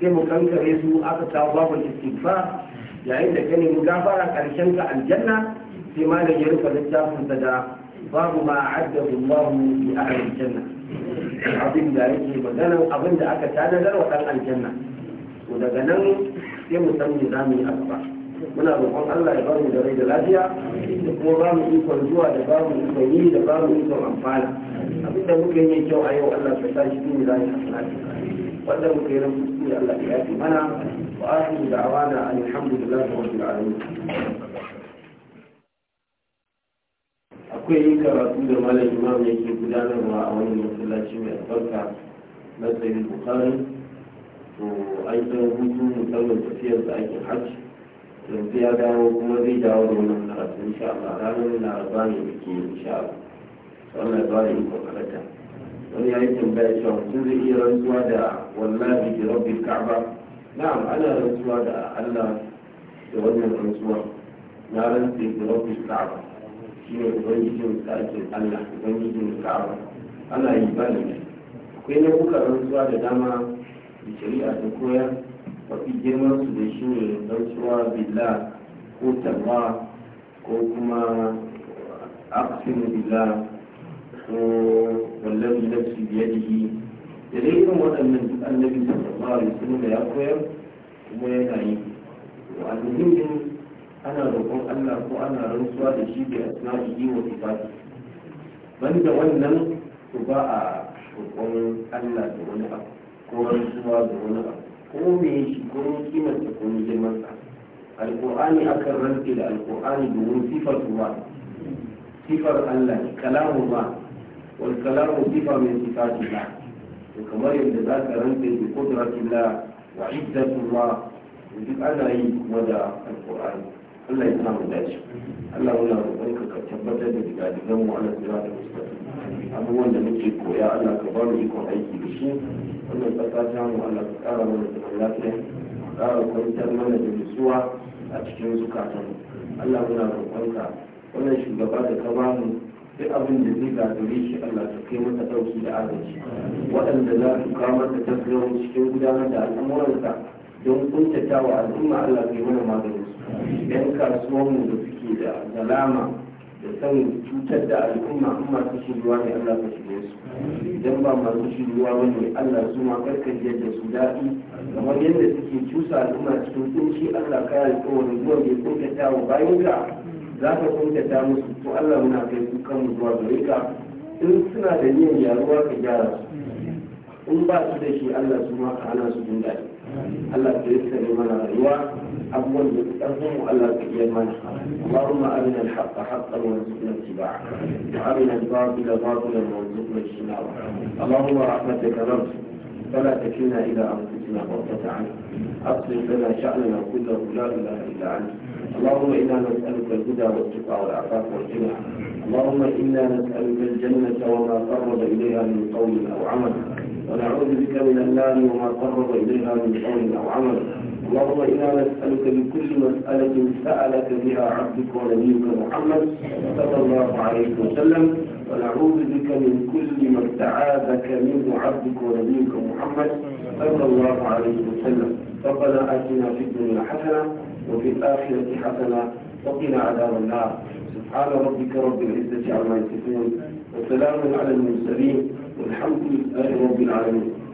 sai mu kankare su aka kawo babu istighfar yayin da ka mu gafara karshen ka aljanna sai ma da yaru rufe littafin sa da babu ma addahu Allah bi ahli aljanna abin da yake magana abin da aka tanadar wa dan aljanna to daga nan sai mu san me za mu yi a gaba muna roƙon Allah ya bar mu da rai da lafiya ciki da kuma ba mu ikon zuwa da ba mu ikon yi da ba mu ikon amfana abin da muka yi kyau a yau Allah ka sa shi ne zai hasanati wanda muka yi rabu ne Allah ya yafi mana wa akhiru da'wana alhamdulillahi rabbil alamin akwai karatu da malam imam yake gudanarwa a wani masallaci mai albarka na sayyid bukhari to aikin hutu musamman tafiyar da aikin hajji yanzu ya dawo kuma zai dawo da wannan karatu insha Allah ranar laraba ne muke insha Allah wannan ba da iko karata wani ya yi tambaya cewa mutum zai iya rantsuwa da wallahi bi rabbil ka'aba na'am ana rantsuwa da Allah da wannan rantsuwa na rantsi bi rabbil ka'ba shine ubangijin sa'akin Allah ubangijin ka'ba Allah yi ba da akwai nau'ukan rantsuwa da dama da shari'a da koyar mafi girman su da shi ne rantsuwa billa ko tarwa ko kuma aksin billa ko wallafi nafsi biyadihi da dai irin waɗannan duk annabi sallallahu alaihi wasallam ya koyar kuma yana yi wa almuhimmin ana roƙon Allah ko ana rantsuwa da shi bi yi wa sifati banda wannan to ba a roƙon Allah da wani abu ko rantsuwa da wani abu ko me shi ko ne kimar sa ko ne girman sa alqur'ani akan rantsi da alqur'ani domin sifar ruwa sifar Allah kalamu ma wal kalamu sifa min sifati Allah to kamar yadda za ka rantsi da qudratillah wa iddatullah duk ana yi kuma da alqur'ani Allah ya samu dace Allah ya roƙon ka tabbatar da digadigan mu ala siratul mustaqim abubuwan da muke koya Allah ka bamu ikon aiki da shi wannan tsaka ta mu Allah ka kara mana zaman lafiya kara kwantar mana da nutsuwa a cikin zukatan Allah muna roƙonka wannan shugaba da ka bamu duk abin da zai gagare shi Allah ta kai masa ɗauki da adalci waɗanda za su da mata tasgaro cikin gudanar da al'amuransa don kuntatawa al'umma Allah kai mana maganin su yan kasuwanmu da suke da zalama da san cutar da al'umma in masu shiruwa ne Allah ka shirye su idan ba masu shiruwa ba ne Allah su ma karkar da su daɗi kamar yadda suke cusa al'umma cikin kunci Allah ka yi kowane zuwa mai kuntata wa ka za ka kuntata musu to Allah muna kai kan zuwa gare ka in suna da niyan yaruwa ka gyara su in ba su da shi Allah su ma ka hana su jin daɗi Allah ka yi mana rayuwa أول بتقدم وألا تقيم اللهم أرنا الحق حقا وارزقنا اتباعه وأرنا الباطل باطلا وارزقنا اجتنابه اللهم رحمتك نرجو فلا تكلنا إلى أنفسنا طرفة عين أصلح لنا شأننا كله لا إله إلا أنت اللهم إنا نسألك الهدى والتقى والعفاف والجنة اللهم إنا نسألك الجنة وما قرب إليها من قول أو عمل ونعوذ بك من النار وما قرب إليها من قول أو عمل اللهم إنا نسألك بكل مسألة سألك بها عبدك ونبيك محمد صلى الله عليه وسلم ونعوذ بك من كل ما استعاذك منه عبدك ونبيك محمد صلى الله عليه وسلم ربنا آتنا في الدنيا حسنة وفي الآخرة حسنة وقنا عذاب النار سبحان ربك رب العزة عما يصفون وسلام على المرسلين والحمد لله رب العالمين